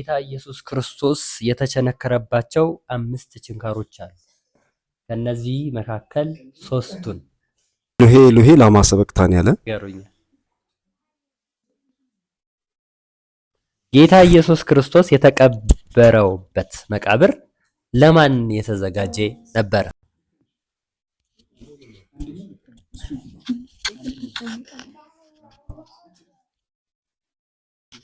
ጌታ ኢየሱስ ክርስቶስ የተቸነከረባቸው አምስት ችንካሮች አሉ። ከነዚህ መካከል ሶስቱን ሉሄ ሉሄ ላማ ሰበቅታን ያለ ጌታ ኢየሱስ ክርስቶስ የተቀበረውበት መቃብር ለማን የተዘጋጀ ነበረ?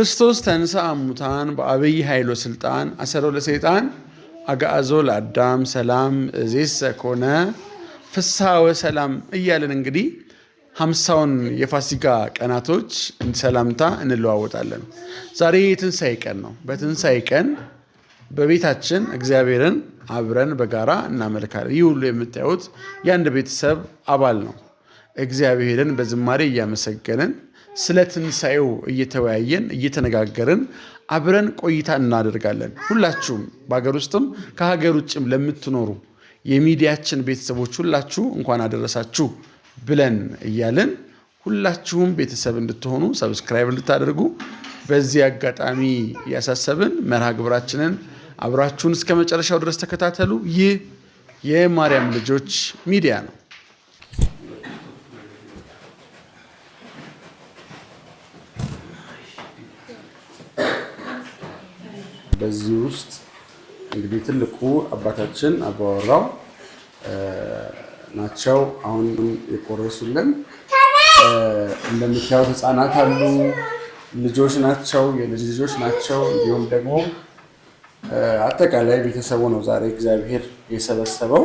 ክርስቶስ ተንሥአ እሙታን በአብይ ኃይሎ ስልጣን አሰሮ ለሰይጣን አግዓዞ ለአዳም ሰላም እዜሰ ኮነ ፍስሐ ወሰላም እያለን እንግዲህ ሀምሳውን የፋሲካ ቀናቶች ሰላምታ እንለዋወጣለን። ዛሬ የትንሣኤ ቀን ነው። በትንሣኤ ቀን በቤታችን እግዚአብሔርን አብረን በጋራ እናመልካለን። ይህ ሁሉ የምታዩት የአንድ ቤተሰብ አባል ነው። እግዚአብሔርን በዝማሬ እያመሰገንን ስለ ትንሣኤው እየተወያየን እየተነጋገርን አብረን ቆይታ እናደርጋለን። ሁላችሁም በሀገር ውስጥም ከሀገር ውጭም ለምትኖሩ የሚዲያችን ቤተሰቦች ሁላችሁ እንኳን አደረሳችሁ ብለን እያልን ሁላችሁም ቤተሰብ እንድትሆኑ ሰብስክራይብ እንድታደርጉ በዚህ አጋጣሚ እያሳሰብን መርሃ ግብራችንን አብራችሁን እስከ መጨረሻው ድረስ ተከታተሉ። ይህ የማርያም ልጆች ሚዲያ ነው። በዚህ ውስጥ እንግዲህ ትልቁ አባታችን አባወራው ናቸው። አሁንም የቆረሱልን እንደምታዩት ህፃናት አሉ፣ ልጆች ናቸው፣ የልጅ ልጆች ናቸው። እንዲሁም ደግሞ አጠቃላይ ቤተሰቡ ነው ዛሬ እግዚአብሔር የሰበሰበው።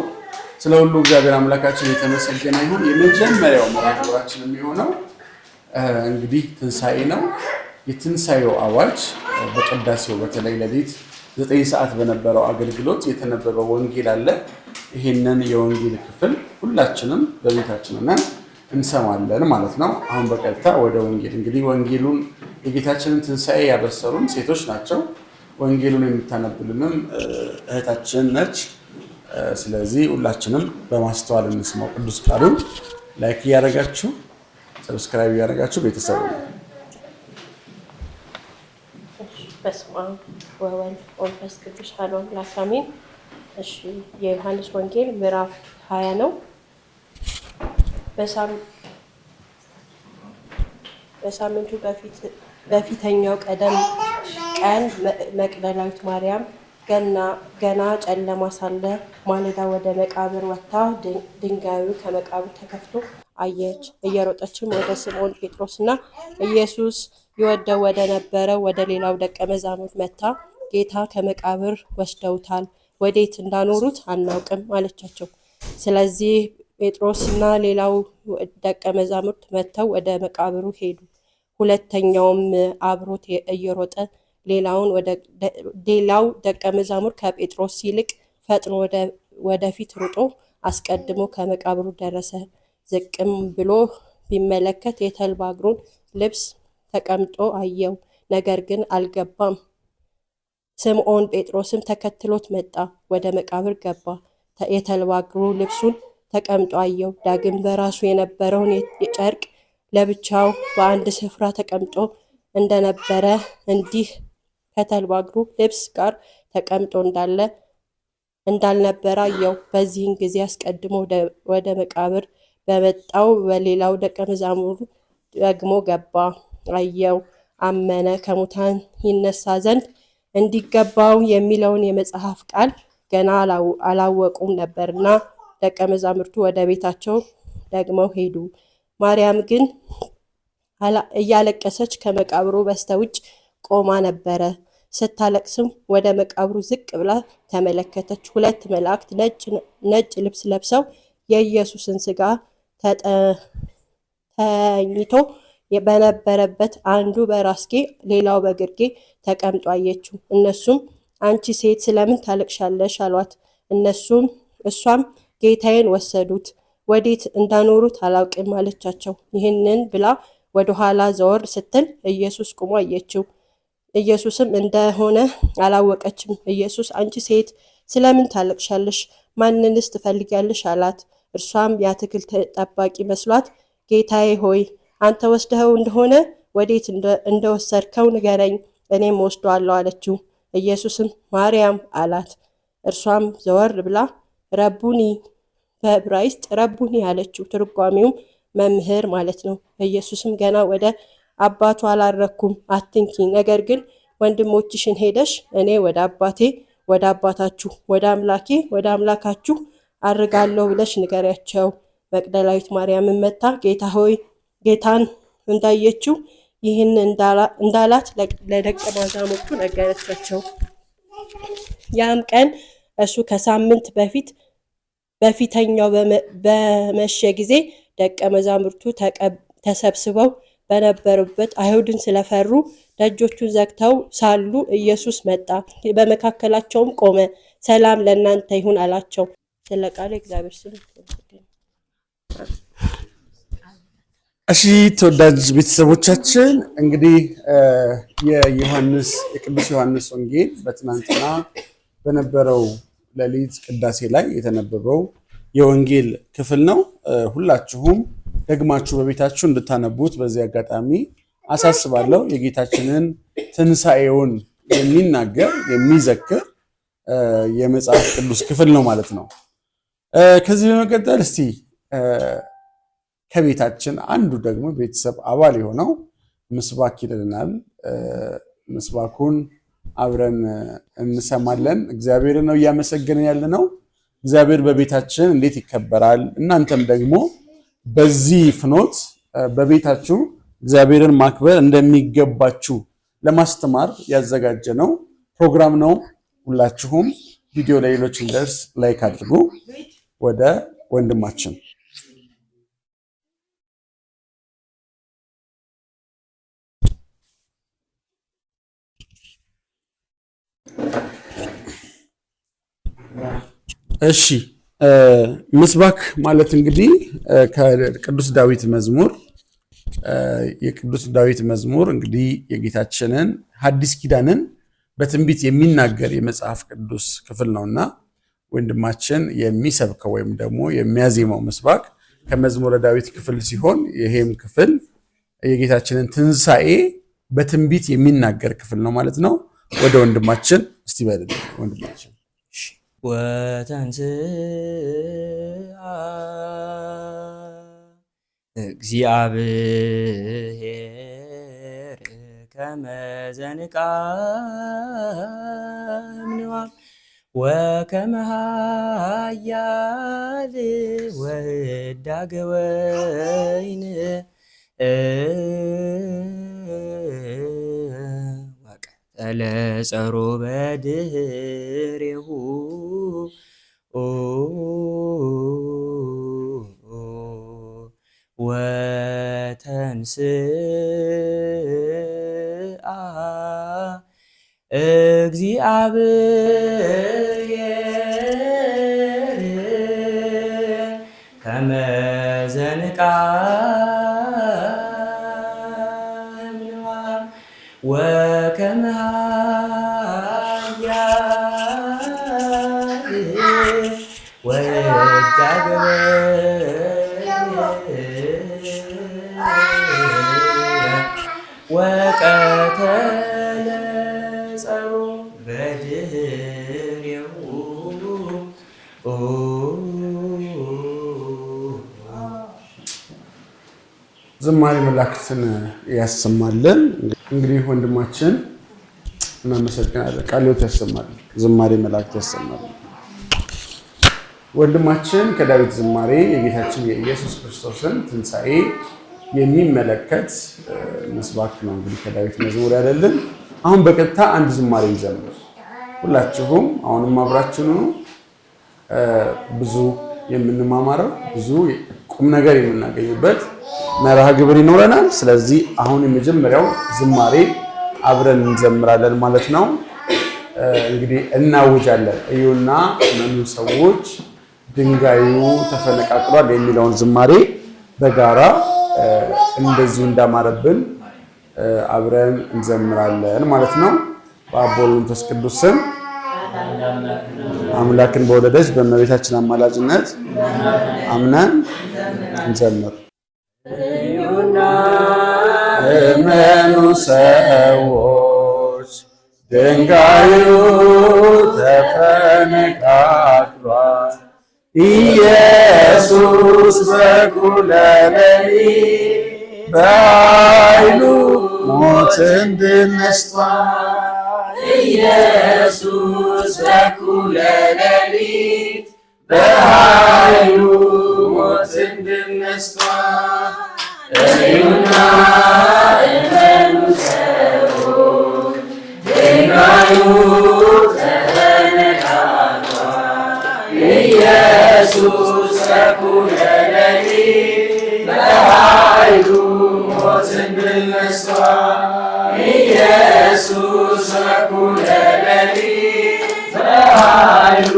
ስለ ሁሉ እግዚአብሔር አምላካችን የተመሰገነ ይሁን። የመጀመሪያው መራራችን የሚሆነው እንግዲህ ትንሣኤ ነው። የትንሣኤው አዋጅ በቅዳሴው በተለይ ሌሊት ዘጠኝ ሰዓት በነበረው አገልግሎት የተነበበ ወንጌል አለ። ይህንን የወንጌል ክፍል ሁላችንም በቤታችን እንሰማለን ማለት ነው። አሁን በቀጥታ ወደ ወንጌል እንግዲህ ወንጌሉን የጌታችንን ትንሣኤ ያበሰሩን ሴቶች ናቸው። ወንጌሉን የምታነብልንም እህታችን ነች። ስለዚህ ሁላችንም በማስተዋል እንስማው ቅዱስ ቃሉን። ላይክ እያደረጋችሁ ሰብስክራይብ እያደረጋችሁ ቤተሰቡ ነው በስመ አብ ወወልድ ወመንፈስ ቅዱስ አሐዱ አምላክ አሜን። እሺ የዮሐንስ ወንጌል ምዕራፍ ሀያ ነው። በሳምንቱ በፊተኛው ቀደም ቀን መቅደላዊት ማርያም ገና ጨለማ ሳለ ማለዳ ወደ መቃብር ወጥታ ድንጋዩ ከመቃብር ተከፍቶ አየች። እየሮጠችም ወደ ስምዖን ጴጥሮስና ኢየሱስ ይወደው ወደ ነበረው ወደ ሌላው ደቀ መዛሙርት መታ፣ ጌታ ከመቃብር ወስደውታል፣ ወዴት እንዳኖሩት አናውቅም አለቻቸው። ስለዚህ ጴጥሮስና ሌላው ደቀ መዛሙርት መጥተው ወደ መቃብሩ ሄዱ። ሁለተኛውም አብሮት እየሮጠ ሌላውን ሌላው ደቀ መዛሙርት ከጴጥሮስ ይልቅ ፈጥኖ ወደፊት ሩጦ አስቀድሞ ከመቃብሩ ደረሰ። ዝቅም ብሎ ቢመለከት የተልባ እግሩን ልብስ ተቀምጦ አየው፤ ነገር ግን አልገባም። ስምዖን ጴጥሮስም ተከትሎት መጣ፣ ወደ መቃብር ገባ፣ የተልባ እግሩ ልብሱን ተቀምጦ አየው። ዳግም በራሱ የነበረውን ጨርቅ ለብቻው በአንድ ስፍራ ተቀምጦ እንደነበረ እንዲህ ከተልባ እግሩ ልብስ ጋር ተቀምጦ እንዳለ እንዳልነበረ አየው። በዚህን ጊዜ አስቀድሞ ወደ መቃብር በመጣው በሌላው ደቀ መዛሙር ደግሞ ገባ፣ አየው፣ አመነ። ከሙታን ይነሳ ዘንድ እንዲገባው የሚለውን የመጽሐፍ ቃል ገና አላወቁም ነበርና ደቀ መዛሙርቱ ወደ ቤታቸው ደግመው ሄዱ። ማርያም ግን እያለቀሰች ከመቃብሩ በስተውጭ ቆማ ነበረ። ስታለቅስም ወደ መቃብሩ ዝቅ ብላ ተመለከተች። ሁለት መላእክት ነጭ ልብስ ለብሰው የኢየሱስን ስጋ ተኝቶ በነበረበት አንዱ በራስጌ ሌላው በግርጌ ተቀምጦ አየችው። እነሱም አንቺ ሴት ስለምን ታለቅሻለሽ? አሏት። እነሱም እሷም ጌታዬን ወሰዱት፣ ወዴት እንዳኖሩት አላውቅም አለቻቸው። ይህንን ብላ ወደኋላ ዘወር ስትል ኢየሱስ ቁሞ አየችው። ኢየሱስም እንደሆነ አላወቀችም። ኢየሱስ አንቺ ሴት ስለምን ታለቅሻለሽ? ማንንስ ትፈልጊያለሽ? አላት። እርሷም የአትክልት ጠባቂ መስሏት ጌታዬ ሆይ አንተ ወስደኸው እንደሆነ ወዴት እንደወሰድከው ንገረኝ፣ እኔም ወስደዋለሁ አለችው። ኢየሱስም ማርያም አላት። እርሷም ዘወር ብላ ረቡኒ በዕብራይስጥ ረቡኒ አለችው። ትርጓሚውም መምህር ማለት ነው። ኢየሱስም ገና ወደ አባቱ አላረግኩም አትንኪ፣ ነገር ግን ወንድሞችሽን ሄደሽ እኔ ወደ አባቴ ወደ አባታችሁ ወደ አምላኬ ወደ አምላካችሁ አድርጋለሁ ብለሽ ንገሪያቸው። መቅደላዊት ማርያምን መታ ጌታ ሆይ ጌታን እንዳየችው ይህን እንዳላት ለደቀ መዛሙርቱ ነገረቻቸው። ያም ቀን እሱ ከሳምንት በፊት በፊተኛው በመሸ ጊዜ ደቀ መዛሙርቱ ተሰብስበው በነበሩበት አይሁድን ስለፈሩ ደጆቹን ዘግተው ሳሉ ኢየሱስ መጣ፣ በመካከላቸውም ቆመ። ሰላም ለእናንተ ይሁን አላቸው። ስለ ቃሉ እግዚአብሔር ስም እሺ። ተወዳጅ ቤተሰቦቻችን እንግዲህ የዮሐንስ የቅዱስ ዮሐንስ ወንጌል በትናንትና በነበረው ሌሊት ቅዳሴ ላይ የተነበበው የወንጌል ክፍል ነው። ሁላችሁም ደግማችሁ በቤታችሁ እንድታነቡት በዚህ አጋጣሚ አሳስባለሁ። የጌታችንን ትንሣኤውን የሚናገር የሚዘክር የመጽሐፍ ቅዱስ ክፍል ነው ማለት ነው። ከዚህ በመቀጠል እስቲ ከቤታችን አንዱ ደግሞ ቤተሰብ አባል የሆነው ምስባክ ይልናል። ምስባኩን አብረን እንሰማለን። እግዚአብሔር ነው እያመሰገንን ያለ ነው። እግዚአብሔር በቤታችን እንዴት ይከበራል? እናንተም ደግሞ በዚህ ፍኖት በቤታችሁ እግዚአብሔርን ማክበር እንደሚገባችሁ ለማስተማር ያዘጋጀ ነው ፕሮግራም ነው። ሁላችሁም ቪዲዮ ለሌሎች እንደርስ ላይክ አድርጉ። ወደ ወንድማችን እሺ ምስባክ ማለት እንግዲህ ከቅዱስ ዳዊት መዝሙር የቅዱስ ዳዊት መዝሙር እንግዲህ የጌታችንን ሐዲስ ኪዳንን በትንቢት የሚናገር የመጽሐፍ ቅዱስ ክፍል ነውና ወንድማችን የሚሰብከው ወይም ደግሞ የሚያዜመው ምስባክ ከመዝሙረ ዳዊት ክፍል ሲሆን ይሄም ክፍል የጌታችንን ትንሣኤ በትንቢት የሚናገር ክፍል ነው ማለት ነው። ወደ ወንድማችን እስቲ ወንድማችን ወተንስ እግዚአብሔር ከመዘንቃ ምንዋል ወከመሃያል ወዳገወይን ቀለጸሮ በድሬሁ ወተንስአ እግዚአብሔር ቃል ወከመ ዝማሬ መላእክትን ያሰማልን። እንግዲህ ወንድማችን እናመሰግናለን። ቃልዎት ያሰማልን፣ ዝማሬ መላእክት ያሰማልን። ወንድማችን ከዳዊት ዝማሬ የጌታችን የኢየሱስ ክርስቶስን ትንሣኤ የሚመለከት ምስባክ ነው። እንግዲህ ከዳዊት መዝሙር ያለልን አሁን በቀጥታ አንድ ዝማሬ ይዘምር። ሁላችሁም አሁንም አብራችን ብዙ የምንማማረው ብዙ ቁም ነገር የምናገኝበት መርሃ ግብር ይኖረናል። ስለዚህ አሁን የመጀመሪያው ዝማሬ አብረን እንዘምራለን ማለት ነው። እንግዲህ እናውጃለን። እዩና መኑ ሰዎች ድንጋዩ ተፈነቃቅሏል የሚለውን ዝማሬ በጋራ እንደዚሁ እንዳማረብን አብረን እንዘምራለን ማለት ነው። በአብ ወልድ ቅዱስ ስም አምላክን በወለደች በእመቤታችን አማላጅነት አምነን እንዘምር። እዩና እመኑ ሰዎች ድንጋዩ ተፈነቃቅሏል። ኢየሱስ በኩለ ሌሊት በኃይሉ ሞትን ድል ነስቷል። ኢየሱስ በኩለ ሌሊት በኃይሉ ሞትን ድል ነስቷል። ኢየሱስ ረቡዕ ሌሊት በኃይሉ ሞትን ድል ነስቷል። ኢየሱስ ረቡዕ ሌሊት በኃይሉ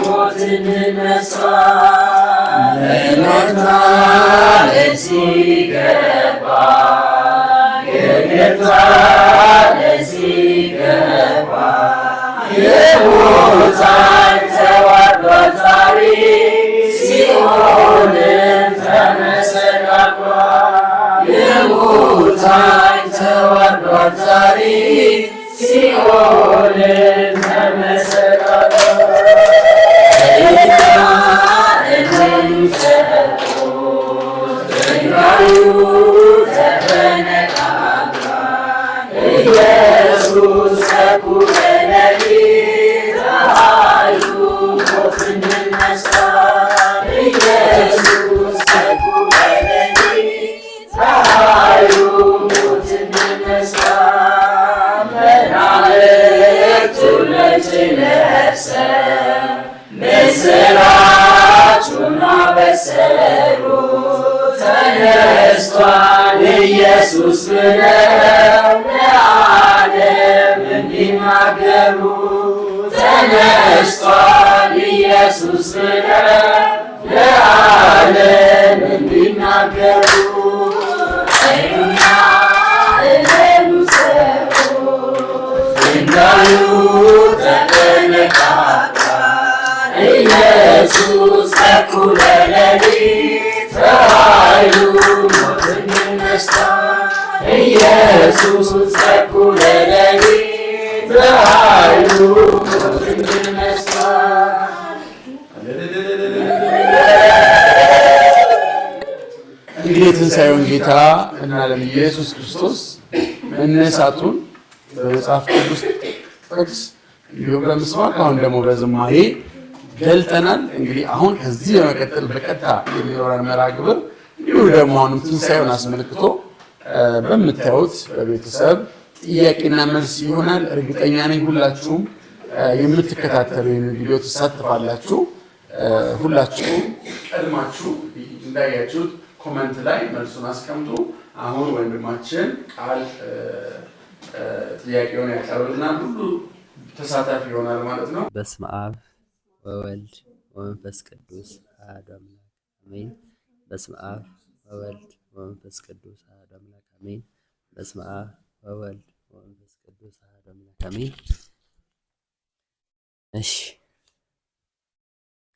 ሞትን ድል ነስቷል። ለመታደግ ሲገባ ለመታደግ ሲገባ የቦታ sang chawan bhansari si olen ኢየሱስ ብለው ለዓለም እንዲናገሩ ተነስቷል። ኢየሱስ ብለው ለዓለም እንዲናገሩ እኛ እንዳዩ ተፈነቃቃ ኢየሱስ እኩለ ሌሊት ኃይሉ ሞትን ነስታ ኢየሱስ ጸኩ ለሌሊት በኃይሉ እንግዲህ የትንሣኤውን ጌታ እናለም ኢየሱስ ክርስቶስ መነሳቱን በመጽሐፍ ቅዱስ ጥቅስ እንዲሁም በምስባክ አሁን ደግሞ በዝማሬ ገልጠናል። እንግዲህ አሁን ከዚህ በመቀጠል በቀጥታ የሚኖረን መርሃ ግብር እንዲሁ ደግሞ አሁንም ትንሣኤውን አስመልክቶ በምታዩት በቤተሰብ ጥያቄና መልስ ይሆናል። እርግጠኛ ነኝ ሁላችሁም የምትከታተሉ ቪዲዮ ትሳተፋላችሁ። ሁላችሁም ቀድማችሁ እንዳያችሁት ኮመንት ላይ መልሱን አስቀምጡ። አሁን ወንድማችን ቃል ጥያቄውን ያቀርብልና ሁሉ ተሳታፊ ይሆናል ማለት ነው። በስመ አብ ወወልድ ወመንፈስ ቅዱስ አሐዱ አምላክ አሜን። በስመ አብ ወወልድ ወመንፈስ ቅዱስ አሜን። በስመ አብ ወወልድ ወመንፈስ ቅዱስ አሐዱ አምላክ አሜን። እሺ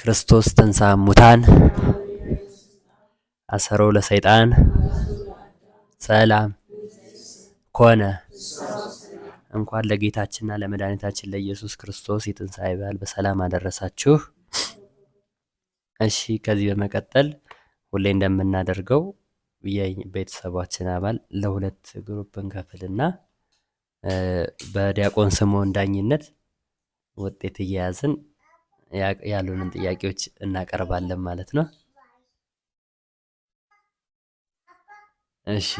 ክርስቶስ ተንሥአ እሙታን አሰሮ ለሰይጣን ሰላም ኮነ። እንኳን ለጌታችንና ለመድኃኒታችን ለኢየሱስ ክርስቶስ የትንሣኤ በዓል በሰላም አደረሳችሁ። እሺ ከዚህ በመቀጠል ሁሌ እንደምናደርገው የቤተሰባችን አባል ለሁለት ግሩፕ እንከፍልና በዲያቆን ስምዖን ዳኝነት ውጤት እየያዝን ያሉንን ጥያቄዎች እናቀርባለን ማለት ነው። እሺ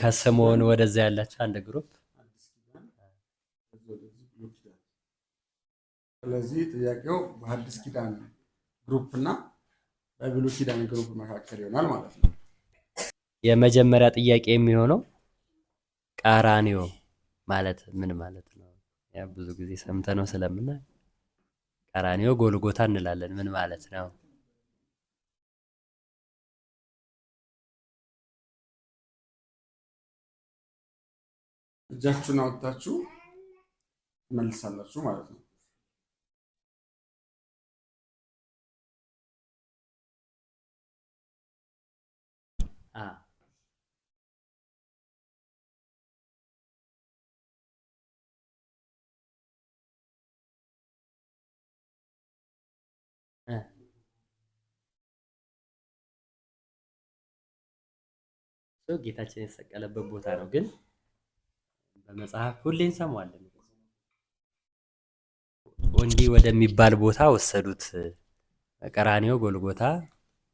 ከስምዖን ወደዚያ ያላቸው አንድ ግሩፕ ስለዚህ ጥያቄው በሐዲስ ኪዳን ግሩፕ እና በብሉይ ኪዳን ግሩፕ መካከል ይሆናል ማለት ነው። የመጀመሪያ ጥያቄ የሚሆነው ቀራንዮ ማለት ምን ማለት ነው? ብዙ ጊዜ ሰምተነው ስለምና ቀራኒዮ ጎልጎታ እንላለን። ምን ማለት ነው? እጃችሁን አወጣችሁ መልሳላችሁ ማለት ነው። ጌታችን የተሰቀለበት ቦታ ነው። ግን በመጽሐፍ ሁሌ እንሰማዋለን። ወንዲ ወደሚባል ቦታ ወሰዱት፣ ቀራኒዮ ጎልጎታ፣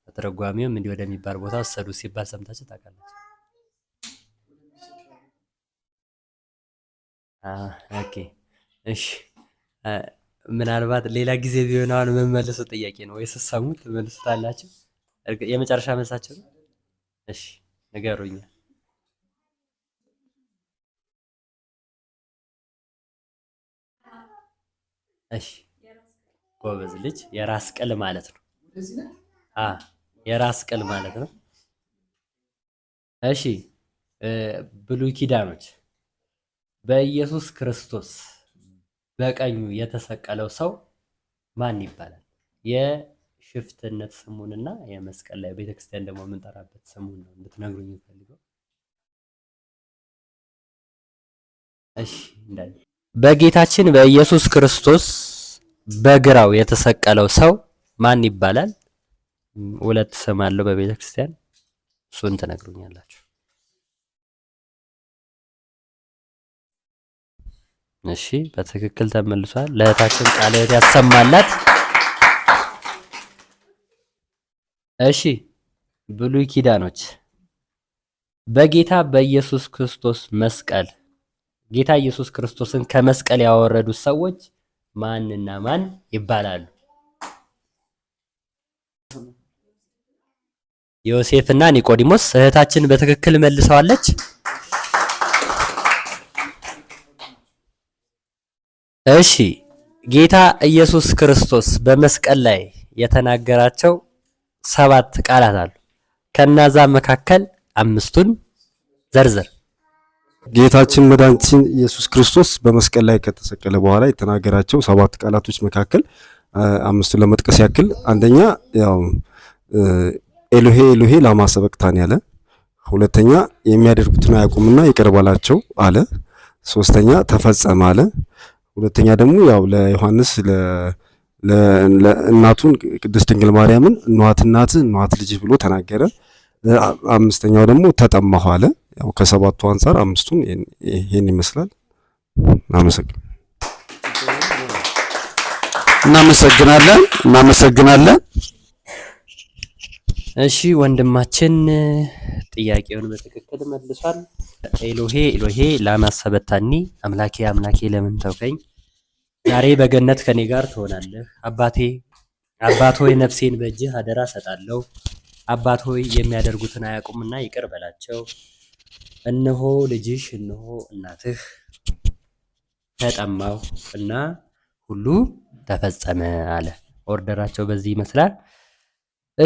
በተረጓሚውም እንዲህ ወደሚባል ቦታ ወሰዱት ሲባል ሰምታችሁ ታውቃላችሁ? ኦኬ እሺ። ምናልባት ሌላ ጊዜ ቢሆን አሁን የምመልሰው ጥያቄ ነው፣ ወይስ ሰሙት ትመልሱታላችሁ? የመጨረሻ መልሳቸው ነው። እሺ ንገሩኝ። እሺ ጎበዝ ልጅ። የራስ ቅል ማለት ነው። አ የራስ ቅል ማለት ነው። እሺ ብሉይ ኪዳኖች በኢየሱስ ክርስቶስ በቀኙ የተሰቀለው ሰው ማን ይባላል? ሽፍትነት ስሙን እና የመስቀል ላይ ቤተክርስቲያን ደግሞ የምንጠራበት ስሙን ነው እንድትነግሩኝ የምፈልገው። እሺ እንዳለ በጌታችን በኢየሱስ ክርስቶስ በግራው የተሰቀለው ሰው ማን ይባላል? ሁለት ስም አለው በቤተክርስቲያን እሱን ትነግሩኛላችሁ። እሺ በትክክል ተመልሷል። ለእህታችን ቃለ ሕይወት ያሰማላት። እሺ ብሉይ ኪዳኖች በጌታ በኢየሱስ ክርስቶስ መስቀል ጌታ ኢየሱስ ክርስቶስን ከመስቀል ያወረዱ ሰዎች ማንና ማን ይባላሉ? ዮሴፍና ኒቆዲሞስ። እህታችን በትክክል መልሰዋለች። እሺ ጌታ ኢየሱስ ክርስቶስ በመስቀል ላይ የተናገራቸው ሰባት ቃላት አሉ። ከእነዛ መካከል አምስቱን ዘርዝር። ጌታችን መድኃኒታችን ኢየሱስ ክርስቶስ በመስቀል ላይ ከተሰቀለ በኋላ የተናገራቸው ሰባት ቃላቶች መካከል አምስቱን ለመጥቀስ ያክል አንደኛ ያው ኤሎሄ ኤሎሄ ላማ ያለ፣ ሁለተኛ የሚያደርጉትን አያውቁምና ይቅር በላቸው አለ፣ ሶስተኛ ተፈጸመ አለ። ሁለተኛ ደግሞ ያው ለዮሐንስ እናቱን ቅድስት ድንግል ማርያምን እንኋት እናት እንኋት ልጅ ብሎ ተናገረ። አምስተኛው ደግሞ ተጠማሁ አለ። ያው ከሰባቱ አንጻር አምስቱን ይሄን ይመስላል። እናመሰግን እናመሰግናለን እናመሰግናለን። እሺ ወንድማችን ጥያቄውን በትክክል መልሷል። ኤሎሄ ኤሎሄ ላማ ሰበታኒ አምላኬ አምላኬ ለምን ተውከኝ ዛሬ በገነት ከኔ ጋር ትሆናለህ። አባቴ አባት ሆይ ነፍሴን በእጅህ አደራ ሰጣለሁ። አባት ሆይ የሚያደርጉትን አያውቁምና ይቅር በላቸው። እነሆ ልጅሽ፣ እነሆ እናትህ ተጠማሁ እና ሁሉ ተፈጸመ አለ። ኦርደራቸው በዚህ ይመስላል።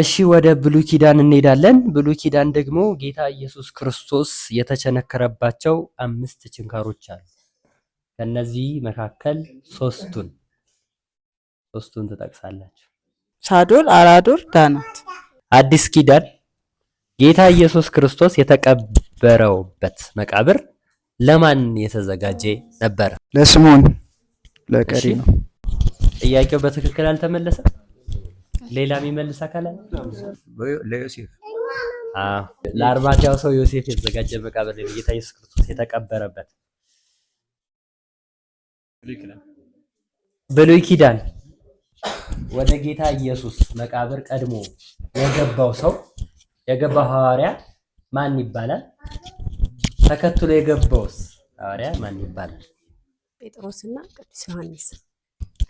እሺ ወደ ብሉይ ኪዳን እንሄዳለን። ብሉይ ኪዳን ደግሞ ጌታ ኢየሱስ ክርስቶስ የተቸነከረባቸው አምስት ችንካሮች አሉ። ከነዚህ መካከል ሶስቱን ሶስቱን ትጠቅሳላችሁ። ሳዶር፣ አራዶር፣ ዳናት። አዲስ ኪዳን ጌታ ኢየሱስ ክርስቶስ የተቀበረውበት መቃብር ለማን የተዘጋጀ ነበረ? ለስምዖን ለቀሪ ነው። ጥያቄው በትክክል አልተመለሰም። ሌላ የሚመልስ አካል አለ? ለዮሴፍ። አዎ፣ ለአርማትያው ሰው ዮሴፍ የተዘጋጀ መቃብር ጌታ ኢየሱስ ክርስቶስ የተቀበረበት ብሉይ ኪዳን ወደ ጌታ ኢየሱስ መቃብር ቀድሞ የገባው ሰው የገባው ሐዋርያ ማን ይባላል? ተከትሎ የገባውስ ሐዋርያ ማን ይባላል? ጴጥሮስና ቅዱስ ዮሐንስ።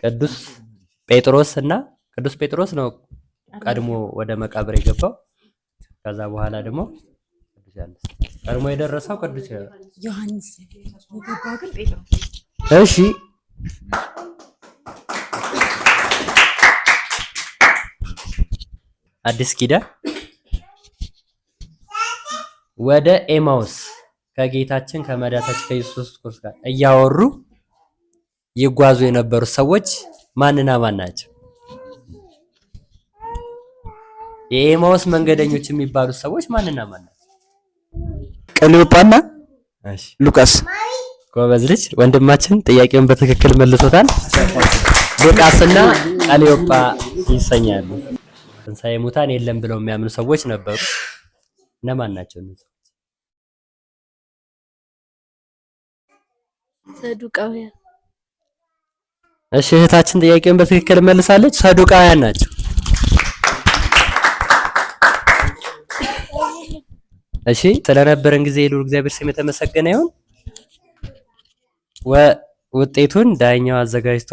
ቅዱስ ጴጥሮስ እና ቅዱስ ጴጥሮስ ነው ቀድሞ ወደ መቃብር የገባው። ከዛ በኋላ ደግሞ ቅዱስ ዮሐንስ ቀድሞ የደረሰው ቅዱስ ዮሐንስ የገባው ግን ጴጥሮስ እሺ አዲስ ኪዳን ወደ ኤማውስ ከጌታችን ከመድኃኒታችን ከኢየሱስ ክርስቶስ ጋር እያወሩ ይጓዙ የነበሩ ሰዎች ማንና ማን ናቸው? የኤማውስ መንገደኞች የሚባሉ ሰዎች ማንና ማን ናቸው? ቀሌዮጳና ሉቃስ ጎበዝ ልጅ ወንድማችን ጥያቄውን በትክክል መልሶታል። ሉቃስና ቀሌዮጳ ይሰኛሉ። ትንሳኤ ሙታን የለም ብለው የሚያምኑ ሰዎች ነበሩ። እነማን ናቸው? ሰዱቃውያን። እሺ፣ እህታችን ጥያቄውን በትክክል መልሳለች። ሰዱቃውያን ናቸው። እሺ፣ ስለነበረን ጊዜ የሉል እግዚአብሔር ስም የተመሰገነ ይሁን። ውጤቱን ዳኛው አዘጋጅቶ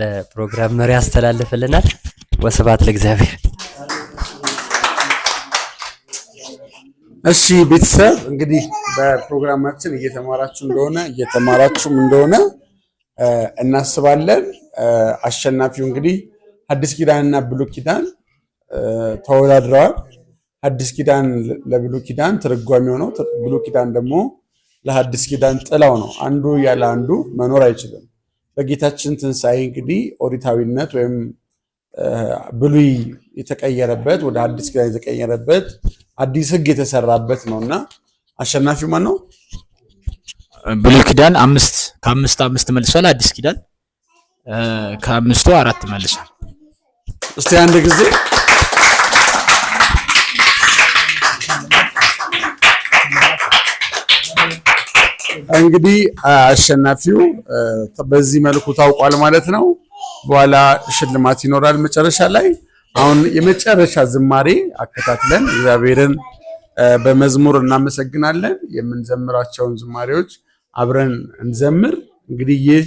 ለፕሮግራም መሪ ያስተላልፍልናል። ወስብሐት ለእግዚአብሔር። እሺ ቤተሰብ እንግዲህ በፕሮግራማችን እየተማራችሁ እንደሆነ እየተማራችሁም እንደሆነ እናስባለን። አሸናፊው እንግዲህ ሐዲስ ኪዳንና ብሉይ ኪዳን ተወዳድረዋል። ሐዲስ ኪዳን ለብሉይ ኪዳን ትርጓሚ ሆነው፣ ብሉይ ኪዳን ደግሞ ለሐዲስ ኪዳን ጥላው ነው። አንዱ ያለ አንዱ መኖር አይችልም። በጌታችን ትንሣኤ እንግዲህ ኦሪታዊነት ወይም ብሉይ የተቀየረበት ወደ አዲስ ኪዳን የተቀየረበት አዲስ ሕግ የተሰራበት ነው እና አሸናፊው ማን ነው? ብሉይ ኪዳን አምስት ከአምስት አምስት መልሷል። አዲስ ኪዳን ከአምስቱ አራት መልሷል። እስቲ አንድ ጊዜ እንግዲህ አሸናፊው በዚህ መልኩ ታውቋል ማለት ነው። በኋላ ሽልማት ይኖራል መጨረሻ ላይ። አሁን የመጨረሻ ዝማሬ አከታትለን እግዚአብሔርን በመዝሙር እናመሰግናለን። የምንዘምራቸውን ዝማሬዎች አብረን እንዘምር። እንግዲህ ይህ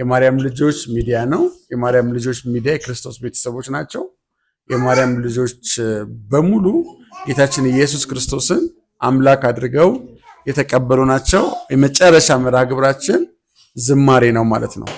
የማርያም ልጆች ሚዲያ ነው። የማርያም ልጆች ሚዲያ የክርስቶስ ቤተሰቦች ናቸው። የማርያም ልጆች በሙሉ ጌታችን ኢየሱስ ክርስቶስን አምላክ አድርገው የተቀበሉ ናቸው። የመጨረሻ መርሃ ግብራችን ዝማሬ ነው ማለት ነው።